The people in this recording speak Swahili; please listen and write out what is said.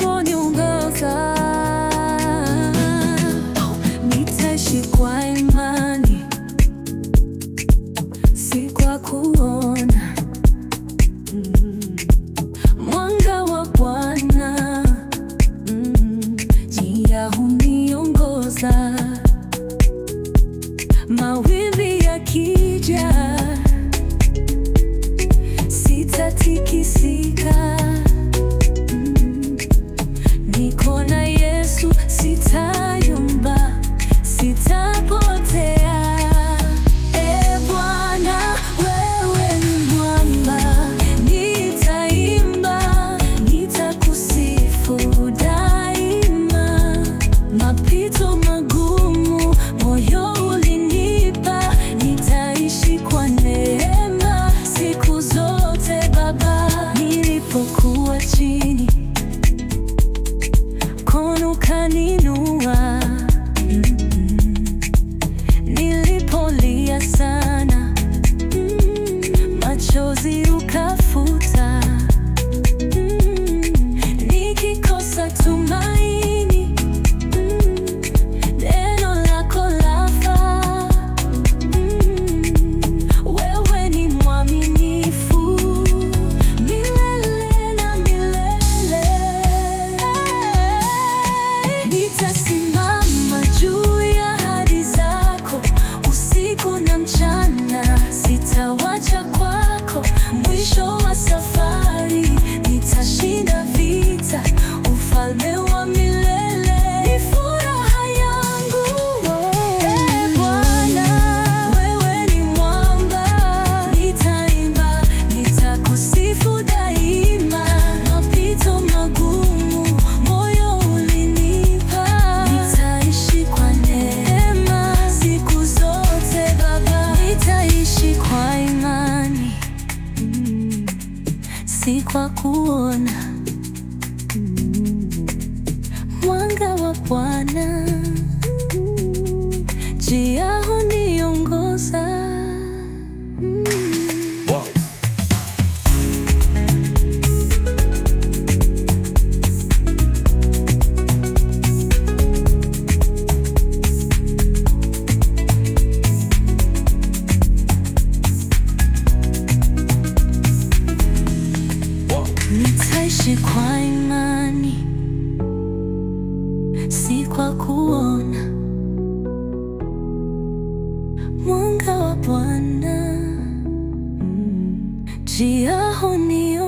unaponiongoza nitaishi imani, si kwa kuona. Mm-hmm. Mwanga wa Bwana, mm-hmm. njia huniongoza magumu, moyo ulinipa, nitaishi kwa neema siku zote Baba. Nilipokuwa chini si kwa kuona mwanga wa Bwana jia Tuishi kwa imani, si kwa kuona. Mwanga wa Bwana, njia mm,